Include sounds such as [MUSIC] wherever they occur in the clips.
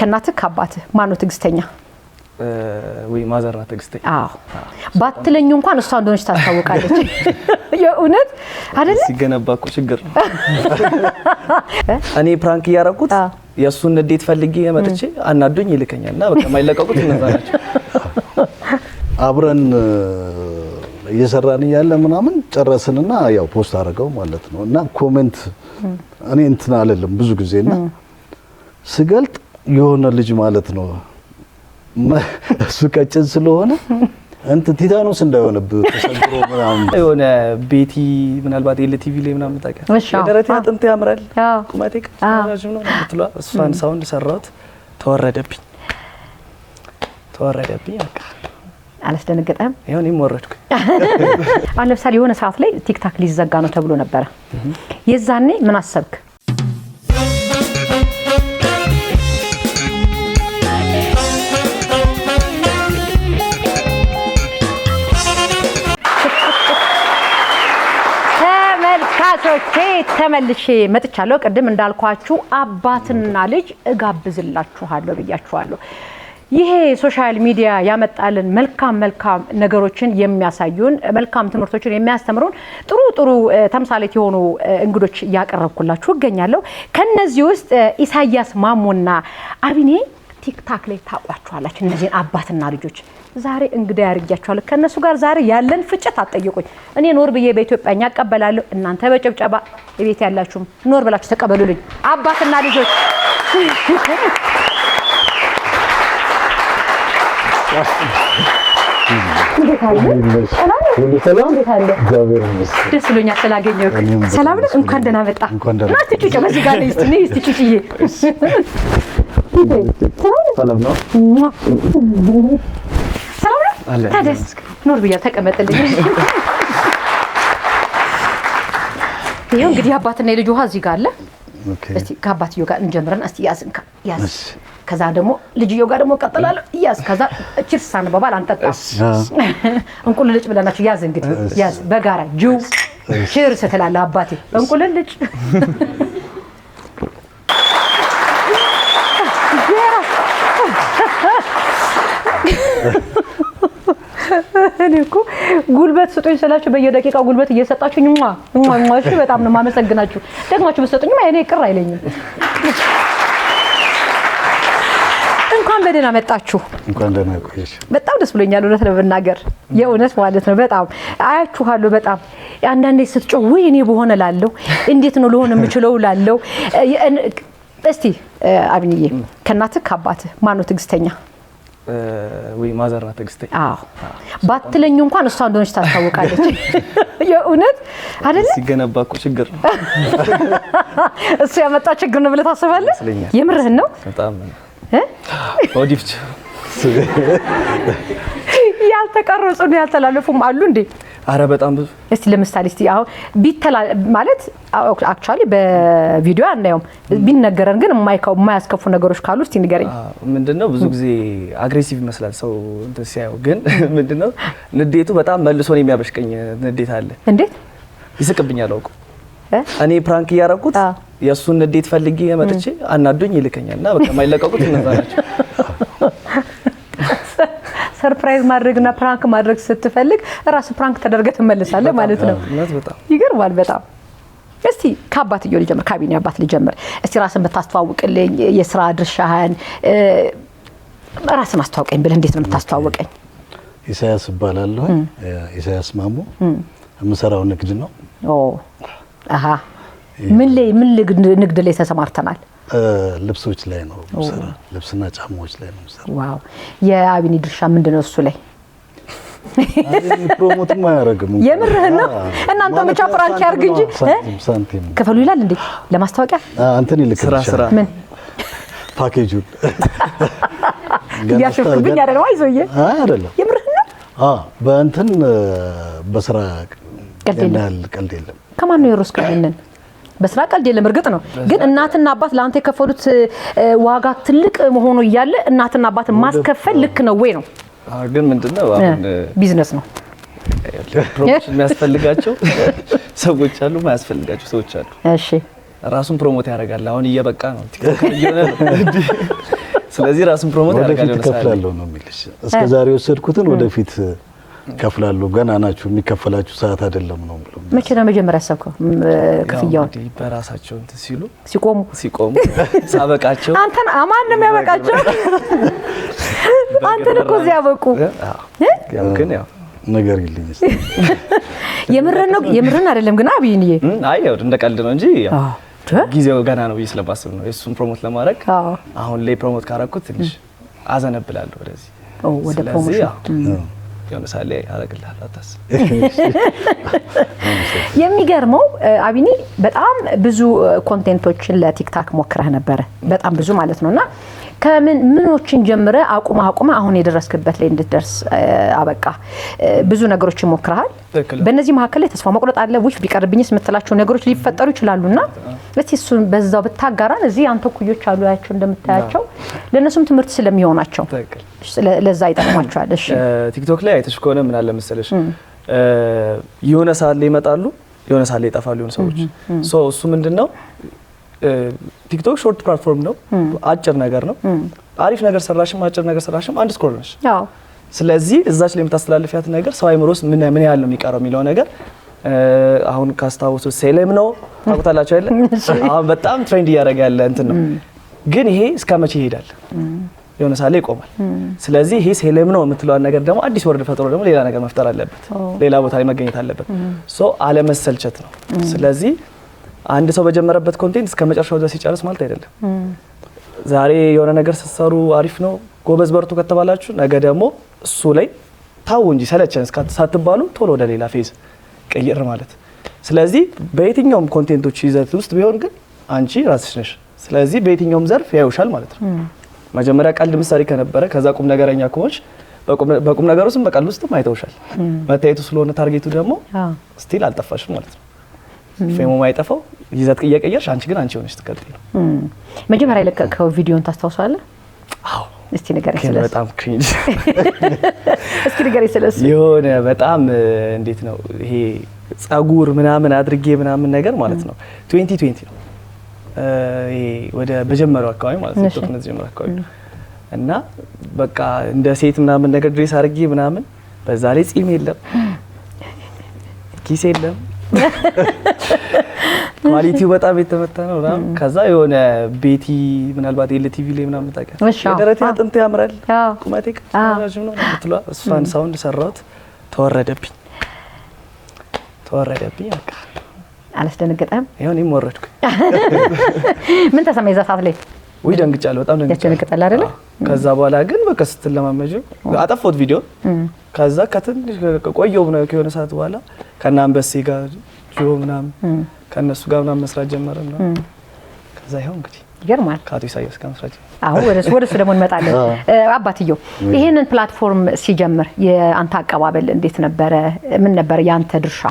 ከእናትህ ከአባትህ ማነው ትዕግስተኛ? ወይ ማዘር ናት ትዕግስተኛ። አዎ ባትለኝ እንኳን እሷ እንደሆነች ታስታውቃለች። [LAUGHS] የእውነት አይደለ? ሲገነባ እኮ ችግር ነው። [LAUGHS] እኔ ፕራንክ እያረኩት የእሱን እንዴት ፈልጌ የመጥቼ አናዶኝ ይልከኛል። እና በቃ የማይለቀቁት እነዛ ናቸው። [LAUGHS] አብረን እየሰራን እያለ ምናምን ጨረስንና ያው ፖስት አድርገው ማለት ነው። እና ኮሜንት እኔ እንትን አለልም ብዙ ጊዜ ጊዜና ስገልጥ የሆነ ልጅ ማለት ነው። እሱ ቀጭን ስለሆነ እንትን ቲታኖስ እንዳይሆንብህ ተሰግሮ ምናምን [LAUGHS] የሆነ ቤቲ ምናልባት የለ ቲቪ ላይ ምናምን ታውቂያለሽ፣ የደረቴ አጥንት ያምራል ቁመቴ ቀጭን ነው ምትሏ። እሷን ሳውንድ ሰራሁት፣ ተወረደብኝ ተወረደብኝ በቃ አላስደነገጠም? ይሁን ይም ወረድኩ። አሁን ለምሳሌ የሆነ ሰዓት ላይ ቲክታክ ሊዘጋ ነው ተብሎ ነበረ። የዛኔ ምን አሰብክ? ሄ ተመልሼ መጥቻለሁ። ቅድም እንዳልኳችሁ አባትና ልጅ እጋብዝላችኋለሁ ብያችኋለሁ። ይሄ ሶሻል ሚዲያ ያመጣልን መልካም መልካም ነገሮችን የሚያሳዩን መልካም ትምህርቶችን የሚያስተምሩን ጥሩ ጥሩ ተምሳሌት የሆኑ እንግዶች እያቀረብኩላችሁ እገኛለሁ። ከነዚህ ውስጥ ኢሳያስ ማሞና አቢኔ ቲክታክ ላይ ታውቋችኋላችሁ እነዚህን አባትና ልጆች ዛሬ እንግዳ ያርጊያቸዋለሁ። ከእነሱ ጋር ዛሬ ያለን ፍጭት አጠይቁኝ እኔ ኖር ብዬ በኢትዮጵያኛ አቀበላለሁ እናንተ በጭብጨባ ቤት ያላችሁም ኖር ብላችሁ ተቀበሉልኝ። አባትና ልጆች ደስ ብሎኛል ስላገኘሁህ። ሰላም ነህ? እንኳን ደህና መጣህ። ጩጭ ታዲያስ ኖር ብያ ተቀመጥልኝ። ይኸው እንግዲህ አባትና የልጅ ውሃ እዚህ ጋር አለ። እስቲ ከአባትዮ ጋር እንጀምረን። እስቲ ያዝ ያዝ፣ ከዛ ደግሞ ልጅዮ ጋር ደግሞ ያዝ፣ ከዛ ብለናቸው። ያዝ እንግዲህ ያዝ፣ በጋራ ጅው ትላለህ አባቴ። እኔ እኮ ጉልበት ስጡኝ ስላችሁ በየደቂቃው ጉልበት እየሰጣችሁ ማ ማሽ በጣም ነው የማመሰግናችሁ። ደግማችሁ ብትሰጡኝ እኔ ቅር አይለኝም። እንኳን በደህና መጣችሁ። እንኳን ደህና ቆየሽ። በጣም ደስ ብሎኛል፣ እውነት ለመናገር የእውነት ማለት ነው። በጣም አያችኋለሁ። በጣም አንዳንዴ ስትጮው ወይ እኔ በሆነ ላለው እንዴት ነው ለሆነ የምችለው ላለው። እስቲ አብኝዬ ከእናትህ ከአባትህ ማነው ትዕግስተኛ? ወይ ማዘር ናት ትዕግስቴ። አዎ ባትለኝ እንኳን እሷ እንደሆነች ታስታውቃለች። [LAUGHS] የእውነት አይደለ? ሲገነባ እኮ ችግር ነው [LAUGHS] እሱ ያመጣው ችግር ነው ብለህ ታስባለህ? የምርህን ነው በጣም [LAUGHS] ያልተቀረጹ ያልተላለፉም አሉ እንዴ? አረ በጣም ብዙ። እስቲ ለምሳሌ እስቲ አሁን ቢተላ ማለት አክቹአሊ በቪዲዮ አናየውም፣ ቢነገረን ግን የማያስከፉ ነገሮች ካሉ እስቲ ንገረኝ። ምንድነው ብዙ ጊዜ አግሬሲቭ ይመስላል ሰው እንትን ሲያየው፣ ግን [LAUGHS] ምንድነው ንዴቱ በጣም መልሶ ነው የሚያበሽቀኝ ንዴት አለ። እንዴት ይስቅብኛል አውቁ እኔ ፕራንክ እያረኩት የእሱን ንዴት ፈልጌ መጥቼ አናዶኝ ይልከኛል እና በቃ የማይለቀቁት እነዛ ናቸው። [LAUGHS] ሰርፕራይዝ ማድረግና ፕራንክ ማድረግ ስትፈልግ ራስ ፕራንክ ተደርገ ትመልሳለህ ማለት ነው። ይገርማል በጣም እስቲ ከአባትየው ልጀምር፣ ካቢኔ አባት ልጀምር። እስቲ ራስን ብታስተዋውቅልኝ የስራ ድርሻህን ራስን አስተዋውቀኝ ብለህ እንዴት ነው የምታስተዋውቀኝ? ኢሳያስ እባላለሁ። ኢሳያስ ማሞ። የምሰራው ንግድ ነው። ምን ንግድ ላይ ተሰማርተናል? ልብሶች ላይ ነው የምሰራው። ልብስና ጫማዎች ላይ ነው የምሰራው። ዋው! የአቢኒ ድርሻ ምንድን ነው እሱ ላይ? ፕሮሞትም አያደርግም። የምርህን ነው? እናንተ ብቻ ፍራንክ ያርግ እንጂ ሳንቲም ክፈሉ ይላል እንዴ? ለማስታወቂያ እንትን ይልክልሻል። ምን ፓኬጁን ያሸፍብኝ አይደለም። አይዞዬ አይደለም፣ የምርህን ነው። በእንትን በስራ ቀልድ የለም። ከማን ነው የሮስክ ይሄንን በስራ ቀልድ የለም። እርግጥ ነው ግን እናትና አባት ለአንተ የከፈሉት ዋጋ ትልቅ መሆኑ እያለ እናትና አባት ማስከፈል ልክ ነው ወይ ነው? ግን ምንድነው አሁን ቢዝነስ ነው ፕሮሞሽን የሚያስፈልጋቸው ሰዎች አሉ፣ ማያስፈልጋቸው ሰዎች አሉ። እሺ ራሱን ፕሮሞት ያደርጋል። አሁን እየበቃ ነው፣ ቲክቶከር ነው። ስለዚህ ራሱን ፕሮሞት ያደርጋል። ወደፊት ከፍላለሁ ነው የሚልሽ። እስከ ዛሬ ወሰድኩትን ወደፊት ይከፍላሉ። ገና ናችሁ፣ የሚከፈላችሁ ሰዓት አይደለም ነው ብሎ መቼ ነው መጀመሪያ ያሰብከው ክፍያውን? በራሳቸው ሲሉ ሲቆሙ ሲቆሙ [LAUGHS] ሳበቃቸው አንተን አማንም ያበቃቸው አንተን እኮ እዚህ ያበቁ ግን ያው ነገር ይልኝ [LAUGHS] የምርን ነው የምርን አይደለም ግን አብይን አብይንዬ አይ ያው እንደ ቀልድ ነው እንጂ ጊዜው ገና ነው ብዬ ስለማስብ ነው የእሱን ፕሮሞት ለማድረግ አሁን ላይ ፕሮሞት ካረኩት ትንሽ አዘነብላለሁ ወደዚህ ወደ ፕሮሞት የሆነ ሳሌ ያደርግልሃል አታስብ። [LAUGHS] የሚገርመው አቢኒ በጣም ብዙ ኮንቴንቶችን ለቲክታክ ሞክረህ ነበረ፣ በጣም ብዙ ማለት ነው እና ከምን ምኖችን ጀምረ አቁመ አቁመ አሁን የደረስክበት ላይ እንድትደርስ አበቃ። ብዙ ነገሮች ይሞክረሃል። በእነዚህ መካከል ላይ ተስፋ መቁረጥ አለ። ውሽ ቢቀርብኝስ የምትላቸው ነገሮች ሊፈጠሩ ይችላሉ። ና እስቲ እሱን በዛው ብታጋራን። እዚህ አንተ ኩዮች አሉ ያቸው እንደምታያቸው ለእነሱም ትምህርት ስለሚሆናቸው ለዛ ይጠቅማቸዋል። ቲክቶክ ላይ አይተሽ ከሆነ ምን አለ መሰለሽ የሆነ ሰዓት ይመጣሉ፣ የሆነ ሰዓት ላይ ይጠፋሉ የሆኑ ሰዎች እሱ ምንድን ነው ቲክቶክ ሾርት ፕላትፎርም ነው፣ አጭር ነገር ነው። አሪፍ ነገር ሰራሽም አጭር ነገር ሰራሽም አንድ ስኮር ነሽ። ስለዚህ እዛች ላይ የምታስተላልፊያት ነገር ሰው አይምሮ ምን ምን ያህል ነው የሚቀረው የሚለው ነገር አሁን ካስታውሱ ሴሌም ነው ታውቁታላችሁ አይደል? አሁን በጣም ትሬንድ እያደረገ ያለ እንትን ነው። ግን ይሄ እስከ መቼ ይሄዳል? የሆነ ሳለ ይቆማል። ስለዚህ ይሄ ሴሌም ነው የምትለዋን ነገር ደግሞ አዲስ ወርድ ፈጥሮ ደግሞ ሌላ ነገር መፍጠር አለበት፣ ሌላ ቦታ ላይ መገኘት አለበት። ሶ አለመሰልቸት ነው። ስለዚህ አንድ ሰው በጀመረበት ኮንቴንት እስከ መጨረሻው ድረስ ይጨርስ ማለት አይደለም። ዛሬ የሆነ ነገር ስትሰሩ አሪፍ ነው ጎበዝ በርቱ ከተባላችሁ ነገ ደግሞ እሱ ላይ ታው እንጂ ሰለቸን ሳትባሉ ቶሎ ወደ ሌላ ፌዝ ቀይር ማለት። ስለዚህ በየትኛውም ኮንቴንቶች ይዘት ውስጥ ቢሆን ግን አንቺ ራስሽ ነሽ። ስለዚህ በየትኛውም ዘርፍ ያዩሻል ማለት ነው። መጀመሪያ ቀልድ ምሳሌ ከነበረ ከዛ ቁም ነገረኛ ከሆንሽ በቁም ነገር ውስጥም በቀልድ ውስጥም አይተውሻል። መታየቱ ስለሆነ ታርጌቱ ደግሞ ስቲል አልጠፋሽም ማለት ነው። ፌሙ ማይጠፋው ይዘት እየቀየርሽ አንቺ ግን አንቺ ሆነሽ ትቀጥይ ነው። መጀመሪያ የለቀቀው ቪዲዮን ታስታውሳለህ? አዎ። እስቲ ንገረኝ ስለሱ። በጣም ክሪንጅ። [LAUGHS] እስኪ ንገረኝ ስለሱ። የሆነ በጣም እንዴት ነው ይሄ ጸጉር ምናምን አድርጌ ምናምን ነገር ማለት ነው። 2020 ነው ይሄ ወደ በጀመረው አካባቢ ማለት ነው። ቶክ መጀመሪያው አካባቢ እና በቃ እንደ ሴት ምናምን ነገር ድሬስ አድርጌ ምናምን፣ በዛ ላይ ጺም የለም ኪስ የለም ኳሊቲው [LAUGHS] በጣም የተመታ ነው። ራም ከዛ የሆነ ቤቲ ምናልባት የለ ቲቪ ላይ ምናምን ታውቂያለሽ፣ የደረቴ አጥንት ያምራል ቁመቴ ነው ምትሏ። እሷን ሳውንድ ሰራሁት፣ ተወረደብኝ ተወረደብኝ በቃ አላስደነገጠም? ይሁን እኔም ወረድኩኝ። [LAUGHS] ምን ተሰማኝ? እዛ ሰዓት ላይ ውይ ደንግጫለሁ፣ በጣም ደንግጫለሁ። ያስደነግጣል አይደለ? ከዛ በኋላ ግን በቃ ስትለማመጂ አጠፋሁት ቪዲዮ ከዛ ከትንሽ ቆየው ከሆነ ሰዓት በኋላ ከእነ አንበሴ ጋር ጆ ምናምን ከእነሱ ጋር ምናምን መስራት ጀመረ ነው። ከዛ ይኸው እንግዲህ ይገርማል። ከአቶ ኢሳያስ ጋር መስራት አሁን ወደ እሱ ደግሞ እንመጣለን። አባትየው ይሄንን ፕላትፎርም ሲጀምር የአንተ አቀባበል እንዴት ነበረ? ምን ነበረ የአንተ ድርሻ?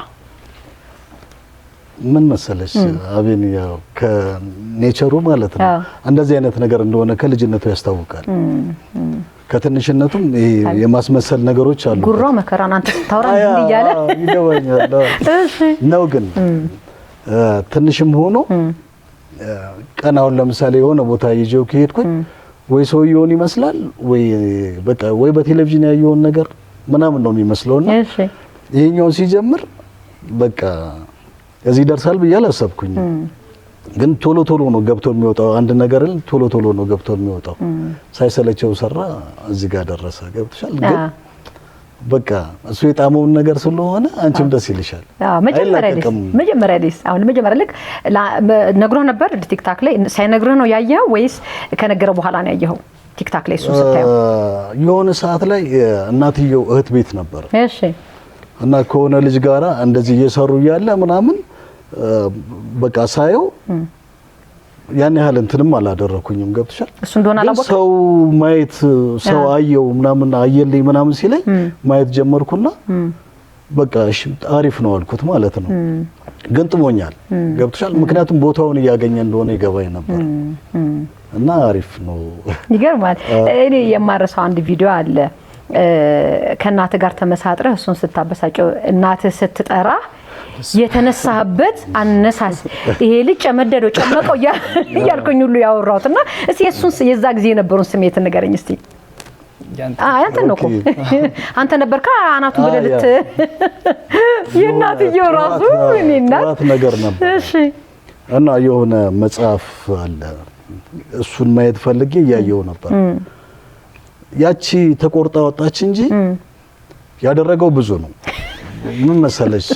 ምን መሰለሽ አቤን፣ ያው ከኔቸሩ ማለት ነው እንደዚህ አይነት ነገር እንደሆነ ከልጅነቱ ያስታውቃል ከትንሽነቱም የማስመሰል ነገሮች አሉ። ጉራ መከራን አንተ ስታወራ እያለ ነው። ግን ትንሽም ሆኖ ቀን አሁን ለምሳሌ የሆነ ቦታ ይዤው ከሄድኩኝ ወይ ሰውየውን ይመስላል ወይ በቃ ወይ በቴሌቪዥን ያየውን ነገር ምናምን ነው የሚመስለውና ይሄኛውን ሲጀምር በቃ እዚህ ደርሳል ብዬ አላሰብኩኝ። ግን ቶሎ ቶሎ ነው ገብቶ የሚወጣው። አንድ ነገርን ቶሎ ቶሎ ነው ገብቶ የሚወጣው። ሳይሰለቸው ሰራ፣ እዚህ ጋር ደረሰ። ገብቶሻል ግን በቃ እሱ የጣመውን ነገር ስለሆነ አንቺም ደስ ይልሻል። መጀመሪያ ደስ አሁን መጀመሪያ ልክ ነግሮ ነበር ቲክታክ ላይ ሳይነግርህ ነው ያየኸው ወይስ ከነገረ በኋላ ነው ያየኸው? ቲክታክ ላይ እሱ ስታየው የሆነ ሰዓት ላይ እናትየው እህት ቤት ነበር እና ከሆነ ልጅ ጋራ እንደዚህ እየሰሩ እያለ ምናምን በቃ ሳየው ያን ያህል እንትንም አላደረኩኝም። ገብቶሻል? እሱ እንደሆነ ሰው ማየት ሰው አየው ምናምን አየልኝ ምናምን ሲለኝ ማየት ጀመርኩና በቃ እሺ አሪፍ ነው አልኩት ማለት ነው። ግን ጥሞኛል። ገብቶሻል? ምክንያቱም ቦታውን እያገኘ እንደሆነ ይገባኝ ነበር እና አሪፍ ነው። [LAUGHS] ይገርማል። እኔ የማረሳው አንድ ቪዲዮ አለ ከእናትህ ጋር ተመሳጥረህ እሱን ስታበሳጨው እናትህ ስትጠራ የተነሳበት አነሳስ ይሄ ልጅ ጨመደደው ጨመቀው እያልኩኝ ሁሉ ያወራሁት እና እስኪ የእሱን የዛ ጊዜ የነበሩን ስሜት ንገረኝ እስኪ። አንተን ነው እኮ [LAUGHS] አንተ ነበርካ አናቱ በደልት [LAUGHS] የእናትየው ራሱ እናት ነገር ነበር። እሺ እና የሆነ መጽሐፍ አለ እሱን ማየት ፈልጌ እያየው ነበር። ያቺ ተቆርጣ ወጣች እንጂ ያደረገው ብዙ ነው። [LAUGHS] ምን መሰለሽ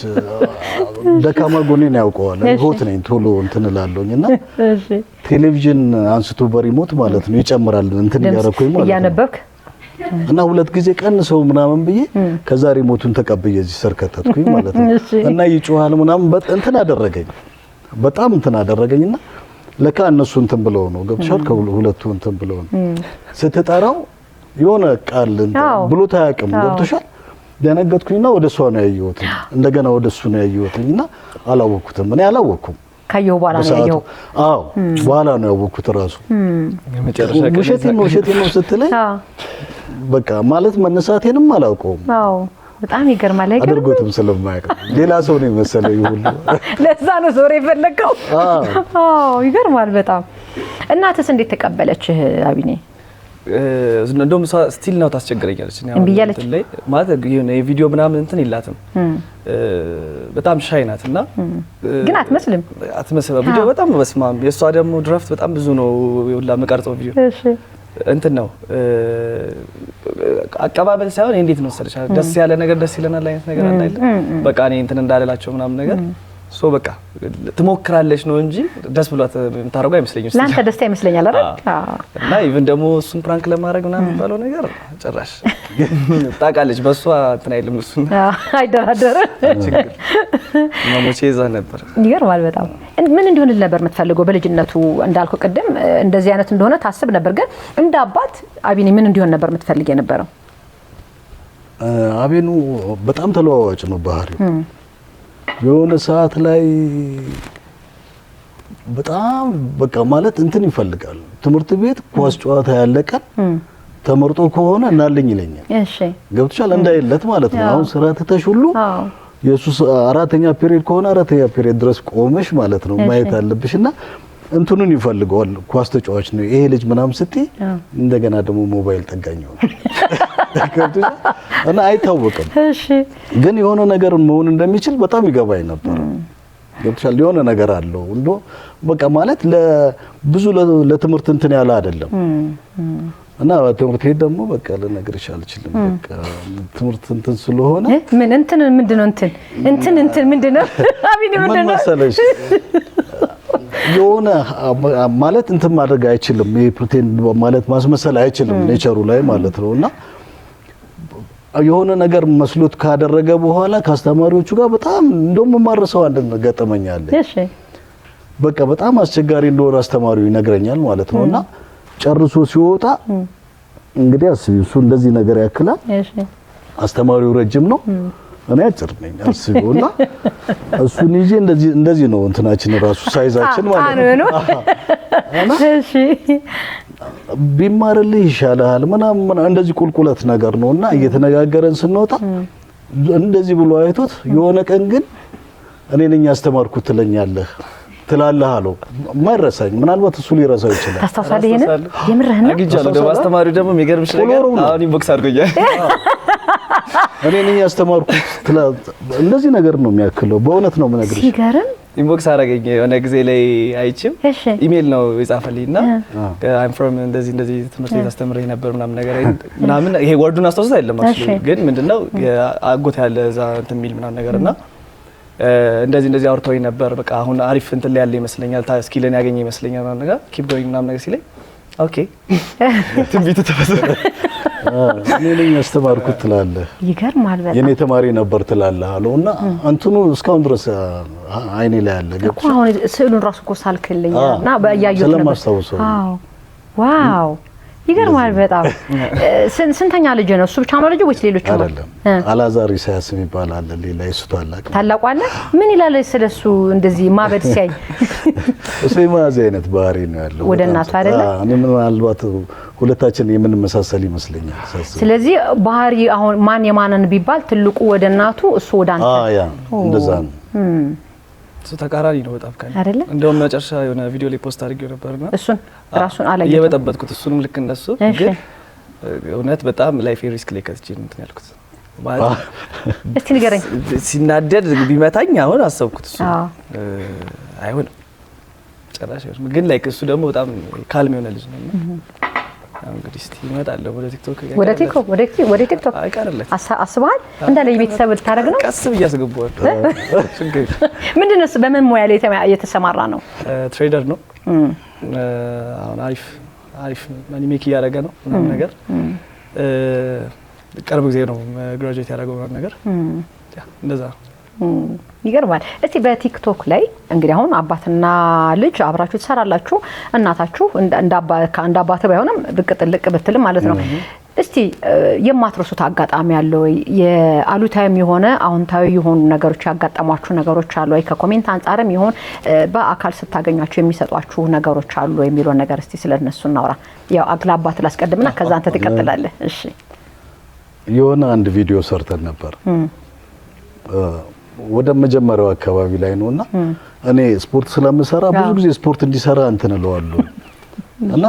ደካማ ጎኔን ያውቀዋል። ሆት ነኝ ቶሎ እንትን እላለሁኝ እና ቴሌቪዥን አንስቶ በሪሞት ማለት ነው ይጨምራል እንትን እያረኩኝ ማለት ነው እና ሁለት ጊዜ ቀን ሰው ምናምን ብዬ ከዛ ሪሞቱን ተቀብዬ እዚህ ስር ማለት ነው እና ይጮሃል ምናምን እንትን አደረገኝ በጣም እንትን አደረገኝና ለካ እነሱ እንትን ብለው ነው ገብቶሻል። ከሁለቱ እንትን ብለው ነው ስትጠራው የሆነ ቃል ብሎት አያውቅም ገብቶሻል ደነገጥኩኝና ወደ እሷ ነው ያየሁት። እንደገና ወደ እሱ ነው ያየሁትኝና አላወቅኩትም። እኔ አላወቅኩም። ካየሁ በኋላ ነው ያየሁ። አዎ በኋላ ነው ያወቅኩት። ራሱ ውሸቴን ነው ውሸቴን ነው ስትለኝ በቃ ማለት መነሳቴንም አላውቀውም። አዎ በጣም ይገርማል። አይገርም? አድርጎትም ስለማያውቅ ሌላ ሰው ነው የመሰለኝ ሁሉ [LAUGHS] ለዛ ነው ዞር የፈለገው። አዎ ይገርማል በጣም። እናትስ እንዴት ተቀበለችህ አቢኔ? እንደውም ስቲል ነው ታስቸግረኛለች ላይ ማለት የቪዲዮ ምናምን እንትን የላትም በጣም ሻይ ናት እና ግን አትመስልም አትመስል ቪዲዮ በጣም በስማም የእሷ ደግሞ ድራፍት በጣም ብዙ ነው ሁላ የምቀርጸው ቪዲዮ እንትን ነው አቀባበል ሳይሆን እንዴት ነው መሰለሽ ደስ ያለ ነገር ደስ ይለናል አይነት ነገር አለ በቃ እኔ እንትን እንዳለላቸው ምናምን ነገር ሶ በቃ ትሞክራለች ነው እንጂ ደስ ብሏት የምታደርጉ አይመስለኝም። ለአንተ ደስታ ይመስለኛል አይደል? እና ኢቭን ደግሞ እሱን ፕራንክ ለማድረግ ምናምን የሚባለው ነገር ጭራሽ [LAUGHS] ታውቃለች። በእሷ እንትን አይልም እሱ አይደራደርም። መሞቼ ይዛ ነበር። ይገርማል በጣም ምን እንዲሆንል ነበር የምትፈልገው? በልጅነቱ እንዳልኩ ቅድም እንደዚህ አይነት እንደሆነ ታስብ ነበር፣ ግን እንደ አባት አቢኒ ምን እንዲሆን ነበር የምትፈልግ የነበረው? አቤኑ በጣም ተለዋዋጭ ነው ባህሪው የሆነ ሰዓት ላይ በጣም በቃ ማለት እንትን ይፈልጋል። ትምህርት ቤት ኳስ ጨዋታ ያለ ተመርጦ ከሆነ እናልኝ ይለኛል። እሺ ገብቶሻል? እንዳይለት ማለት ነው። አሁን ስራ ትተሽ ሁሉ የሱ አራተኛ ፔሪዮድ ከሆነ አራተኛ ፔሪዮድ ድረስ ቆመሽ ማለት ነው ማየት አለብሽና እንትኑን ይፈልገዋል። ኳስ ተጫዋች ነው ይሄ ልጅ ምናምን ስትይ እንደገና ደግሞ ሞባይል ጠጋኝ ይሆናል። [LAUGHS] እና አይታወቅም። ግን የሆነ ነገር መሆን እንደሚችል በጣም ይገባኝ ነበር። ገብቶሻል? የሆነ ነገር አለው እንዶ በቃ ማለት ለብዙ ለትምህርት እንትን ያለ አይደለም እና ትምህርት ቤት ደግሞ በቃ ልነግርሽ አልችልም። በቃ ትምህርት እንትን ስለሆነ ምን እንትን ምንድን ነው እንትን እንትን እንትን ምንድን [LAUGHS] ነው አሚን ምንድን ነው መሰለሽ የሆነ ማለት እንትን ማድረግ አይችልም። ይሄ ፕሮቲን ማለት ማስመሰል አይችልም ኔቸሩ ላይ ማለት ነውና የሆነ ነገር መስሎት ካደረገ በኋላ ከአስተማሪዎቹ ጋር በጣም እንደውም ማረሰው አንድ ገጠመኝ አለ። እሺ በቃ በጣም አስቸጋሪ እንደሆነ አስተማሪው ይነግረኛል ማለት ነው። እና ጨርሶ ሲወጣ እንግዲህ አስቢ እሱ እንደዚህ ነገር ያክላል። አስተማሪው ረጅም ነው። እኔ አጭር ነኝ አስቢውና እሱን ይዤ እንደዚህ እንደዚህ ነው እንትናችን ራሱ ሳይዛችን ማለት ነው። እሺ ቢማርልህ ይሻልሃል ምናምን እንደዚህ ቁልቁለት ነገር ነውና እየተነጋገረን ስንወጣ እንደዚህ ብሎ አይቶት የሆነ ቀን ግን እኔ ነኝ ያስተማርኩት ትለኛለህ ትላለህ አለው። ማይረሳኝ ምናልባት እሱ ሊረሳው ይችላል። ታስታውሳለህ? ይሄንን የምርህን ነው። አግኝቻለሁ። አስተማሪው ደግሞ የሚገርምሽ ነገር አሁን ኢንቦክስ አድርጎኛል [LAUGHS] እኔ ነኝ ያስተማርኩት። እንደዚህ ነገር ነው የሚያክለው። በእውነት ነው የምነግርሽ። ሲገርም ኢንቦክስ አደረገኝ የሆነ ጊዜ ላይ አይችም ኢሜል ነው የጻፈልኝ እና አይም ፍሮም እንደዚህ እንደዚህ ትምህርት ቤት አስተምረኝ ነበር ምናምን ነገር ምናምን ይሄ ወርዱን አስታውሶት አይደለም ግን ምንድነው አጎት ያለ እዛ እንትን የሚል ምናምን ነገር እና እንደዚህ እንደዚህ አውርተውኝ ነበር። በቃ አሁን አሪፍ እንትን ላይ ያለ ይመስለኛል፣ ስኪልን ያገኘ ይመስለኛል ምናምን ነገር ኪፕ ጎይንግ ምናምን ነገር ሲለኝ ኦኬ ትንቢቱ ተፈጸመ። እኔ ነኝ ያስተማርኩት ትላለህ። ይገርማል። በጣም የኔ ተማሪ ነበር ትላለህ አለው እና እንትኑ እስካሁን ድረስ አይኔ ላይ አለ እኮ አሁን ስዕሉን ራሱ እኮ ሳልክልኝ እና ነበር ስለማስታውሰው። ዋው ይገርማል በጣም [LAUGHS] ስንተኛ ልጅ ነው እሱ? ብቻ ነው ልጅ ወይስ ሌሎች? አይደለም አላዛር ኢሳያስ የሚባል አለ ሌላ የሱ ታላቅ ታላቁ አለ። ምን ይላል ስለሱ? እንደዚህ ማበድ ሲያይ [LAUGHS] እሱ የማያዝ አይነት ባህሪ ነው ያለው ወደ እናቱ አይደለ። እኔ ምናልባት ሁለታችን የምንመሳሰል ይመስለኛል። ስለዚህ ባህሪ አሁን ማን የማንን ቢባል ትልቁ ወደ እናቱ እሱ ወደ አንተ እንደዛ ነው። ተቃራኒ ነው በጣም አይደለ። እንደውም መጨረሻ የሆነ ቪዲዮ ላይ ፖስት አድርጌው ነበርና እሱን ራሱን አለ እየበጠበጥኩት እሱንም ልክ እንደሱ ግን እውነት በጣም ላይፍ ሪስክ ላይ ከትቼ እንትን ያልኩት። እስቲ ንገረኝ። ሲናደድ ቢመታኝ አሁን አሰብኩት እሱ አይሆንም ጭራሽ፣ ግን ላይክ እሱ ደግሞ በጣም ካልም የሆነ ልጅ ነው እንግዲህ እስቲ ይመጣል ወደ ቲክቶክ ወደ ቲክቶክ ወደ ቲክቶክ ወደ ቲክቶክ አይቀርለት አስበሃል እንዳለ የቤተሰብ ልታደርግ ነው። ቀስ ብዬ አስገባዋለሁ። ምንድን ነው እሱ በምን ሙያ ላይ የተሰማራ ነው? ትሬደር ነው። አሁን አሪፍ አሪፍ ማኒ ሜክ እያደረገ ነው ምናምን ነገር ቅርብ ጊዜ ነው ግራጁዌት ያደረገው ምናምን ነገር እንደዛ ነው። ይገርማል። እስቲ በቲክቶክ ላይ እንግዲህ አሁን አባትና ልጅ አብራችሁ ትሰራላችሁ። እናታችሁ እንደ አባት ባይሆንም ብቅ ጥልቅ ብትልም ማለት ነው። እስቲ የማትረሱት አጋጣሚ አለ ወይ? የአሉታዊም የሆነ አዎንታዊ የሆኑ ነገሮች ያጋጠሟችሁ ነገሮች አሉ ወይ? ከኮሜንት አንጻርም ይሆን በአካል ስታገኟቸው የሚሰጧችሁ ነገሮች አሉ የሚለውን ነገር እስቲ ስለነሱ እናውራ። ያው አግላ አባት ላስቀድምና ከዛ አንተ ትቀጥላለህ። እሺ የሆነ አንድ ቪዲዮ ሰርተን ነበር ወደ መጀመሪያው አካባቢ ላይ ነውና እኔ ስፖርት ስለምሰራ ብዙ ጊዜ ስፖርት እንዲሰራ እንትን እለዋለሁ እና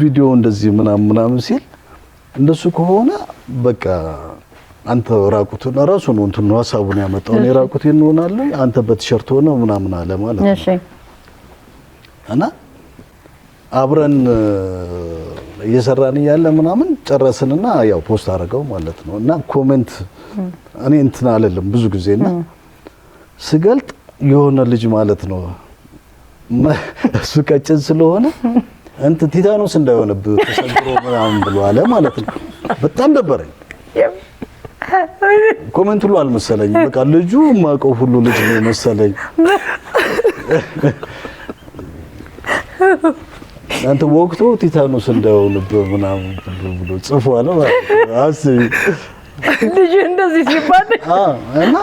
ቪዲዮ እንደዚህ ምናምን ምናምን ሲል እንደሱ ከሆነ በቃ አንተ ራቁትን ራሱ ነው እንትን ነው ሀሳቡን ያመጣው። እኔ ራቁት እንሆናለን አንተ በቲሸርት ሆነ ምናምን አለ ማለት ነው እና አብረን እየሰራን እያለ ምናምን ጨረስንና ያው ፖስት አድርገው ማለት ነው። እና ኮሜንት እኔ እንትን አለልም ብዙ ጊዜ እና ስገልጥ የሆነ ልጅ ማለት ነው እሱ ቀጭን ስለሆነ እንትን ቲታኖስ እንዳይሆንብህ ተሰግሮ ምናምን ብሎ አለ ማለት ነው። በጣም ደበረኝ። ኮሜንት ሁሉ አልመሰለኝም። በቃ ልጁ የማውቀው ሁሉ ልጅ ነው መሰለኝ። አንተ ወቅቱ ቲታኖስ እንዳይሆንብህ ምናምን ብሎ ጽፏል። አስቢ ልጅ እንደዚህ ሲባል እና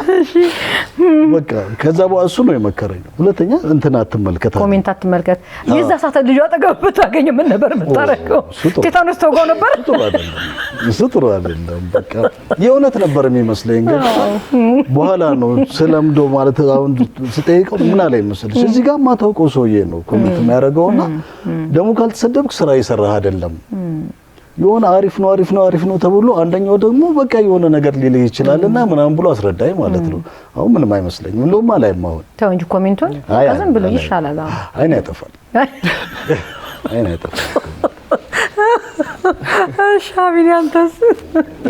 በቃ ከዛ በኋላ እሱ ነው የመከረኝ። ሁለተኛ እንትን አትመልከት፣ ኮሜንት አትመልከት። የዛ ሰዓት ልጇ አጠገብ ብታገኝ ምን ነበር የምታረገው? ቴታኖስ ተውጋው ነበር። እሱ ጥሩ አይደለም። በቃ የእውነት ነበር የሚመስለኝ፣ ግን በኋላ ነው ስለምዶ ማለት አሁን ስጠይቀው ምን አለ ይመስልሽ? እዚህ ጋር ማታውቀው ሰውዬ ነው ኮሜንት የሚያደርገውና ደግሞ ካልተሰደብክ ስራ ይሰራህ አይደለም የሆነ አሪፍ ነው አሪፍ ነው አሪፍ ነው ተብሎ አንደኛው ደግሞ በቃ የሆነ ነገር ሊል ይችላል እና ምናምን ብሎ አስረዳኝ ማለት ነው። አሁን ምንም አይመስለኝም። እንደውም አላይም አሁን ተው እንጂ ኮሜንቱን ዝም ብሎ ይሻላል። አይን ያጠፋል፣ አይን [LAUGHS] ያጠፋል። ሻቢን ያንተስ?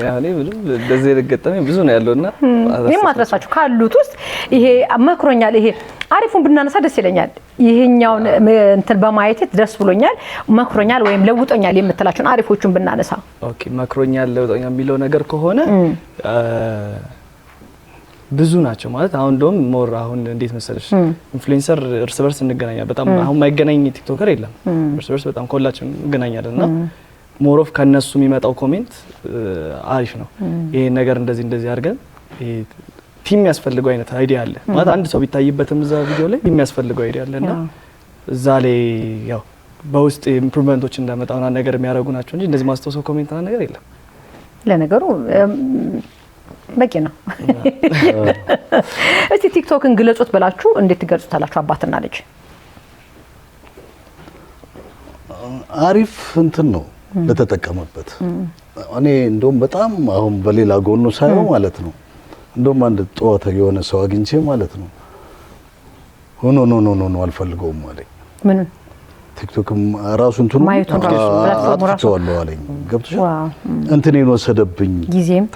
ያኔ ምንም በዚህ የገጠመኝ ብዙ ነው ያለውና እኔም አትረሳችሁ ካሉት ውስጥ ይሄ መክሮኛል። ይሄ አሪፉን ብናነሳ ደስ ይለኛል። ይሄኛውን እንትን በማየት ደስ ብሎኛል። መክሮኛል ወይም ለውጦኛል የምትላችሁን አሪፎቹን ብናነሳ። ኦኬ መክሮኛል፣ ለውጦኛል የሚለው ነገር ከሆነ ብዙ ናቸው ማለት አሁን እንደውም ሞር አሁን እንዴት መሰለሽ ኢንፍሉዌንሰር እርስ በርስ እንገናኛለን። በጣም አሁን ማይገናኝ ቲክቶከር የለም። እርስ በርስ በጣም ከሁላችን እንገናኛለን እና ሞሮፍ ከነሱ የሚመጣው ኮሜንት አሪፍ ነው። ይሄ ነገር እንደዚህ እንደዚህ አድርገን ቲም የሚያስፈልገው አይነት አይዲያ አለ ማለት አንድ ሰው ቢታይበትም እዛ ቪዲዮ ላይ የሚያስፈልገው አይዲያ አለ እና እዛ ላይ ያው በውስጥ ኢምፕሩቭመንቶች እንዳመጣ ምናምን ነገር የሚያደርጉ ናቸው እንጂ እንደዚህ ማስታወሰው ኮሜንት ምናምን ነገር የለም። ለነገሩ በቂ ነው። [LAUGHS] እስቲ ቲክቶክን ግለጹት ብላችሁ እንዴት ትገልጹታላችሁ? አባትና ልጅ አሪፍ እንትን ነው ለተጠቀመበት። እኔ እንደውም በጣም አሁን በሌላ ጎኑ ሳይሆን ማለት ነው እንደውም አንድ ጠዋት የሆነ ሰው አግኝቼ ማለት ነው ሆኖ ኖ ኖ ኖ አልፈልገውም አለኝ። ምን ቲክቶክም ራሱ እንትኑ አጥፍቼዋለሁ አለኝ። ገብቶሻል? እንትኔን ወሰደብኝ ጊዜም።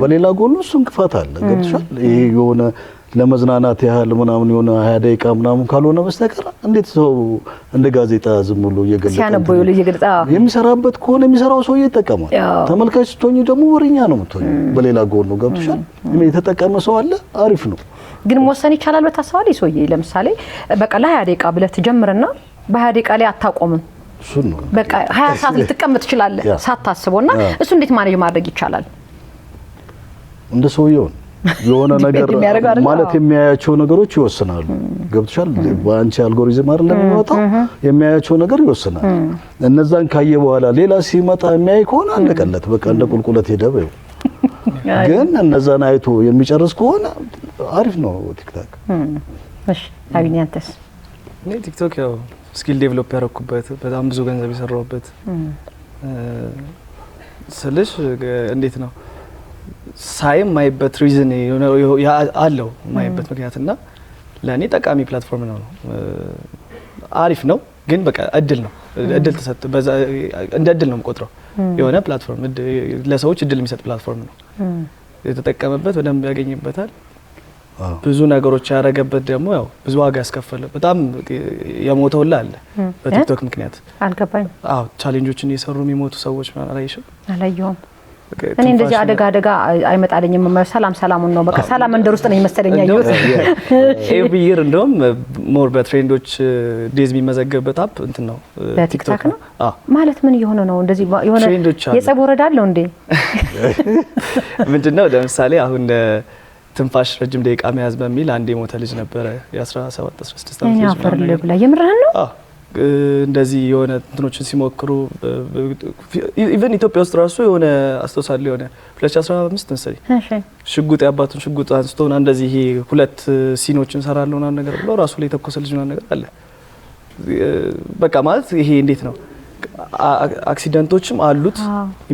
በሌላ ጎኑ እሱ እንቅፋት አለ። ገብቶሻል? ይሄ የሆነ ለመዝናናት ያህል ምናምን የሆነ ሀያ ደቂቃ ምናምን ካልሆነ በስተቀር እንዴት ሰው እንደ ጋዜጣ ዝም ብሎ እየገለጠ የሚሰራበት ከሆነ የሚሰራው ሰው ይጠቀማል። ተመልካች ስትሆኝ ደግሞ ወሬኛ ነው የምትሆኝ። በሌላ ጎኑ ገብቶሻል። የተጠቀመ ሰው አለ፣ አሪፍ ነው። ግን መወሰን ይቻላል። በታሳዋል ሰውዬ ለምሳሌ በቃ ለሀያ ደቂቃ ብለህ ትጀምርና በሀያ ደቂቃ ላይ አታቆምም በቃ ሀያ ሰዓት ልትቀመጥ ትችላለህ ሳታስበው እና እሱ እንዴት ማኔጅ ማድረግ ይቻላል እንደ ሰውየውን የሆነ ነገር ማለት የሚያያቸው ነገሮች ይወስናሉ። ገብቶሻል? በአንቺ አልጎሪዝም አይደለም የሚወጣው የሚያያቸው ነገር ይወስናል። እነዛን ካየ በኋላ ሌላ ሲመጣ የሚያይ ከሆነ አለቀለት፣ በቃ እንደ ቁልቁለት ሄደው። ግን እነዛን አይቶ የሚጨርስ ከሆነ አሪፍ ነው ቲክታክ። እሺ አግኛንተስ እኔ ቲክቶክ ያው ስኪል ዴቨሎፕ ያደረኩበት በጣም ብዙ ገንዘብ የሰራሁበት ስልሽ እንዴት ነው ሳይም ማይበት ሪዝን አለው ማይበት ምክንያት እና ለእኔ ጠቃሚ ፕላትፎርም ነው። ነው አሪፍ ነው፣ ግን በቃ እድል ነው። እድል ተሰጥ እንደ እድል ነው የምቆጥረው። የሆነ ፕላትፎርም ለሰዎች እድል የሚሰጥ ፕላትፎርም ነው። የተጠቀመበት በደንብ ያገኝበታል። ብዙ ነገሮች ያደረገበት ደግሞ ያው ብዙ ዋጋ ያስከፈለ በጣም የሞተውላ አለ በቲክቶክ ምክንያት አልገባኝ። አዎ ቻሌንጆችን እየሰሩ የሚሞቱ ሰዎች አላየሽም? አላየሁም እኔ እንደዚህ አደጋ አደጋ አይመጣልኝም። ሰላም ሰላሙን ነው በቃ ሰላም መንደር ውስጥ ነኝ መሰለኝ ያየሁት። [LAUGHS] ኤቭሪ ይር እንደውም ሞር በትሬንዶች ዴዝ የሚመዘገብበት አፕ እንትን ነው ቲክቶክ ነው ማለት። ምን የሆነ ነው እንደዚህ የሆነ የጸብ ወረዳ አለው እንዴ? [LAUGHS] ምንድን ነው ለምሳሌ አሁን ትንፋሽ ረጅም ደቂቃ መያዝ በሚል አንድ የሞተ ልጅ ነበረ የ17 16 ዓመት ልጅ። የምርህን ነው እንደዚህ የሆነ እንትኖችን ሲሞክሩ ኢቨን ኢትዮጵያ ውስጥ ራሱ የሆነ አስተውሳለ የሆነ 2015 መሰለኝ ሽጉጥ የአባቱን ሽጉጥ አንስቶ ና እንደዚህ ይሄ ሁለት ሲኖች ሰራለሁ ምናምን ነገር ብሎ ራሱ ላይ የተኮሰ ልጅ ምናምን ነገር አለ። በቃ ማለት ይሄ እንዴት ነው አክሲደንቶችም አሉት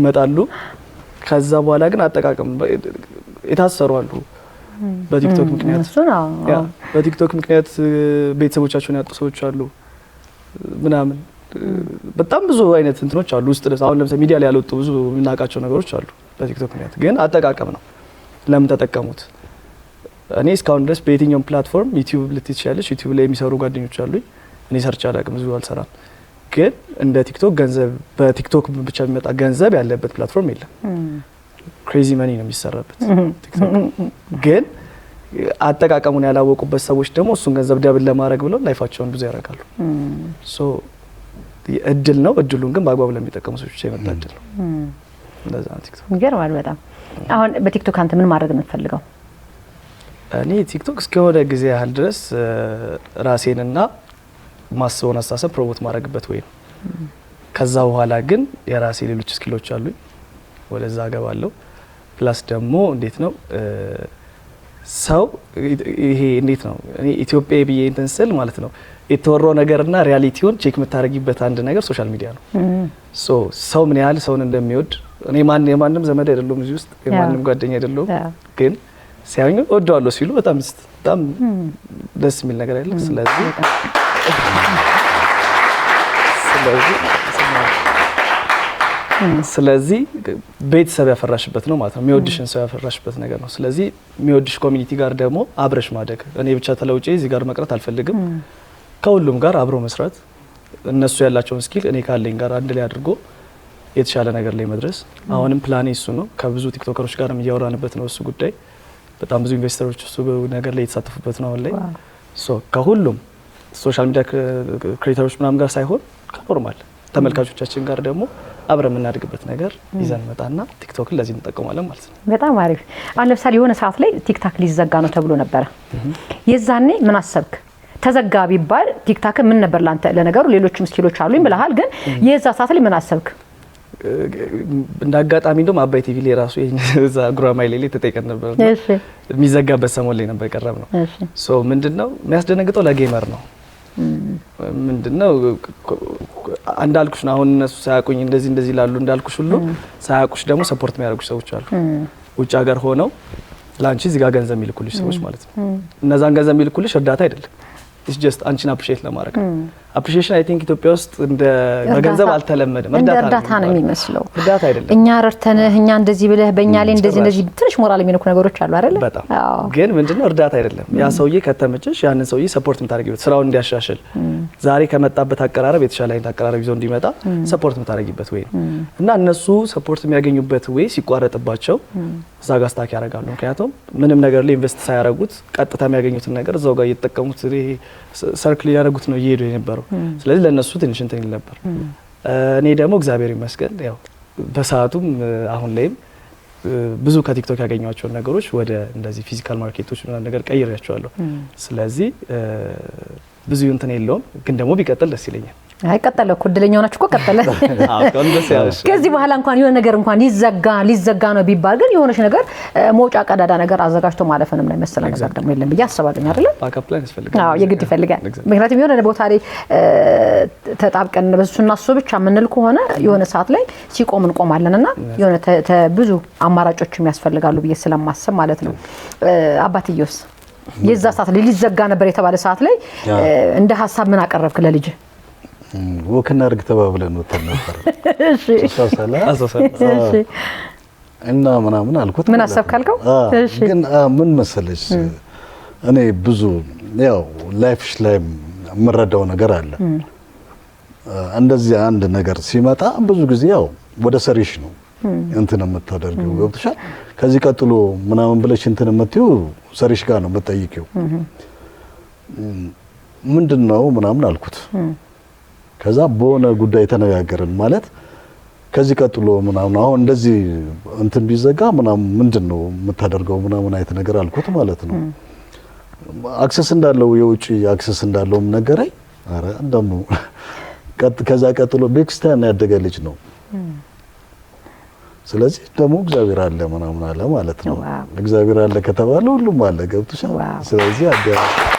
ይመጣሉ። ከዛ በኋላ ግን አጠቃቀም የታሰሩ አሉ። በቲክቶክ ምክንያት በቲክቶክ ምክንያት ቤተሰቦቻቸውን ያጡ ሰዎች አሉ። ምናምን በጣም ብዙ አይነት እንትኖች አሉ ውስጥ ደስ አሁን ለምሳሌ ሚዲያ ላይ ያልወጡ ብዙ የምናውቃቸው ነገሮች አሉ። በቲክቶክ ምክንያት ግን አጠቃቀም ነው። ለምን ተጠቀሙት? እኔ እስካሁን ድረስ በየትኛውም ፕላትፎርም ዩቲዩብ ልትይ ትችላለች። ዩቲዩብ ላይ የሚሰሩ ጓደኞች አሉኝ። እኔ ሰርች አላውቅም፣ ብዙ አልሰራም። ግን እንደ ቲክቶክ ገንዘብ በቲክቶክ ብቻ የሚመጣ ገንዘብ ያለበት ፕላትፎርም የለም። ክሬዚ መኒ ነው የሚሰራበት ቲክቶክ ግን አጠቃቀሙን ያላወቁበት ሰዎች ደግሞ እሱን ገንዘብ ደብል ለማድረግ ብለው ላይፋቸውን ብዙ ያደርጋሉ። እድል ነው። እድሉን ግን በአግባቡ ለሚጠቀሙ ሰዎች የመጣ እድል ነው። እንደዛ ቲክቶክ። ይገርማል በጣም አሁን በቲክቶክ አንተ ምን ማድረግ የምትፈልገው? እኔ ቲክቶክ እስከሆነ ጊዜ ያህል ድረስ ራሴንና ማስበውን አስተሳሰብ ፕሮሞት ማድረግበት ወይ ነው። ከዛ በኋላ ግን የራሴ ሌሎች ስኪሎች አሉኝ፣ ወደዛ አገባለሁ። ፕላስ ደግሞ እንዴት ነው ሰው ይሄ እንዴት ነው እኔ ኢትዮጵያ ብዬ እንትን ስል ማለት ነው የተወራው ነገርና ሪያሊቲውን ቼክ የምታደርጊበት አንድ ነገር ሶሻል ሚዲያ ነው። ሶ ሰው ምን ያህል ሰውን እንደሚወድ እኔ ማን የማንም ዘመድ አይደለሁም እዚህ ውስጥ የማንም ጓደኛ አይደለሁም፣ ግን ሲያዩኝ እወደዋለሁ ሲሉ በጣም በጣም ደስ የሚል ነገር አለ። ስለዚህ ስለዚህ ስለዚህ ቤተሰብ ያፈራሽበት ነው ማለት ነው። የሚወድሽን ሰው ያፈራሽበት ነገር ነው። ስለዚህ የሚወድሽ ኮሚኒቲ ጋር ደግሞ አብረሽ ማደግ፣ እኔ ብቻ ተለውጬ እዚህ ጋር መቅረት አልፈልግም፣ ከሁሉም ጋር አብሮ መስራት፣ እነሱ ያላቸውን ስኪል እኔ ካለኝ ጋር አንድ ላይ አድርጎ የተሻለ ነገር ላይ መድረስ። አሁንም ፕላኔ እሱ ነው። ከብዙ ቲክቶከሮች ጋርም እያወራንበት ነው እሱ ጉዳይ። በጣም ብዙ ኢንቨስተሮች እሱ ነገር ላይ የተሳተፉበት ነው አሁን ላይ ከሁሉም ሶሻል ሚዲያ ክሬተሮች ምናምን ጋር ሳይሆን ከኖርማል ተመልካቾቻችን ጋር ደግሞ አብረ የምናድግበት ነገር ይዘን መጣና ቲክቶክን ለዚህ እንጠቀማለን ማለት ነው። በጣም አሪፍ። አሁን ለምሳሌ የሆነ ሰዓት ላይ ቲክታክ ሊዘጋ ነው ተብሎ ነበረ። የዛኔ ምን አሰብክ? ተዘጋ ቢባል ቲክታክ ምን ነበር ላንተ? ለነገሩ ሌሎችም ስኪሎች አሉኝ ብለሃል፣ ግን የዛ ሰዓት ላይ ምን አሰብክ? እንደ አጋጣሚ እንደውም አባይ ቲቪ ላይ ራሱ [LAUGHS] ዛ ጉራማይ ላይ ተጠይቀን ነበር። የሚዘጋበት ሰሞን ላይ ነበር የቀረብ ነው። ምንድን ነው የሚያስደነግጠው ለጌመር ነው ምንድነው እንዳልኩሽ አሁን እነሱ ሳያቁኝ እንደዚህ እንደዚህ ላሉ እንዳልኩሽ ሁሉ ሳያቁሽ ደግሞ ሰፖርት የሚያደርጉሽ ሰዎች አሉ። ውጭ ሀገር ሆነው ለአንቺ እዚህ ጋር ገንዘብ የሚልኩልሽ ሰዎች ማለት ነው። እነዛን ገንዘብ የሚልኩልሽ እርዳታ አይደለም ኢስ ጀስት አንቺን አፕሪሼት ለማድረግ አፕሪሼሽን አይ ቲንክ ኢትዮጵያ ውስጥ እንደ በገንዘብ አልተለመደም። እርዳታ ነው የሚመስለው። እርዳታ አይደለም። እኛ ረድተንህ እኛ እንደዚህ ብለህ በእኛ ላይ እንደዚህ እንደዚህ ትንሽ ሞራል የሚነኩ ነገሮች አሉ አይደለ? በጣም ግን ምንድነው እርዳታ አይደለም። ያ ሰውዬ ከተመቸሽ ያንን ሰውዬ ሰፖርት የምታደርጊበት ስራውን እንዲያሻሽል ዛሬ ከመጣበት አቀራረብ የተሻለ አይነት አቀራረብ ይዞ እንዲመጣ ሰፖርት የምታደርጊበት ወይ እና እነሱ ሰፖርት የሚያገኙበት ወይ ሲቋረጥባቸው እዛ ጋር ስታክ ያደርጋሉ። ምክንያቱም ምንም ነገር ላይ ኢንቨስት ሳያደርጉት ቀጥታ የሚያገኙትን ነገር እዛው ጋር እየተጠቀሙት ሰርክል ያደረጉት ነው እየሄዱ የነበረው። ስለዚህ ለእነሱ ትንሽ እንትን ይል ነበር። እኔ ደግሞ እግዚአብሔር ይመስገን ያው በሰዓቱም አሁን ላይም ብዙ ከቲክቶክ ያገኟቸውን ነገሮች ወደ እንደዚህ ፊዚካል ማርኬቶች ምናምን ነገር ቀይሬያቸዋለሁ። ስለዚህ ብዙ እንትን የለውም፣ ግን ደግሞ ቢቀጥል ደስ ይለኛል። አይ ቀጠለ እኮ እድለኛ ሆናችሁ እኮ ቀጠለ። [LAUGHS] [LAUGHS] ከዚህ በኋላ እንኳን የሆነ ነገር እንኳን ሊዘጋ ሊዘጋ ነው ቢባል ግን የሆነች ነገር መውጫ ቀዳዳ ነገር አዘጋጅቶ ማለፍንም ነው የመሰለ ነገር ደግሞ የለም ብዬ አስባለኝ። አይደለ የግድ ይፈልጋል። ምክንያቱም የሆነ ቦታ ላይ ተጣብቀን በሱና እሱ ብቻ የምንል ከሆነ የሆነ ሰዓት ላይ ሲቆም እንቆማለን እና የሆነ ብዙ አማራጮችም ያስፈልጋሉ ብዬ ስለማሰብ ማለት ነው። አባትዬውስ የዛ ሰዓት ላይ ሊዘጋ ነበር የተባለ ሰዓት ላይ እንደ ሀሳብ ምን አቀረብክ ለልጅ? ወክ እናድርግ ተባብለን ወተን ነበር። [LAUGHS] እሺ እና ምናምን አልኩት። ምን አሰብካልከው? እሺ ግን ምን መሰለሽ እኔ ብዙ ያው ላይፍሽ ላይ የምረዳው ነገር አለ። እንደዚህ አንድ ነገር ሲመጣ ብዙ ጊዜ ያው ወደ ሰሪሽ ነው እንትን የምታደርጊው ገብቶሻል። ከዚህ ቀጥሎ ምናምን ብለሽ እንትን የምትይው ሰሪሽ ጋር ነው የምትጠይቂው። ምንድን ነው ምናምን አልኩት። ከዛ በሆነ ጉዳይ ተነጋገርን ማለት ከዚህ ቀጥሎ ምናምን አሁን እንደዚህ እንትን ቢዘጋ ምናምን ምንድን ነው የምታደርገው ምናምን አይነት ነገር አልኩት ማለት ነው። አክሰስ እንዳለው የውጭ አክሰስ እንዳለውም ነገረኝ። አረ እንደሙ ከዛ ቀጥሎ ቤክስታን ያደገ ልጅ ነው። ስለዚህ ደግሞ እግዚአብሔር አለ ምናምን አለ ማለት ነው። እግዚአብሔር አለ ከተባለ ሁሉም አለ። ገብቶሻል። ስለዚህ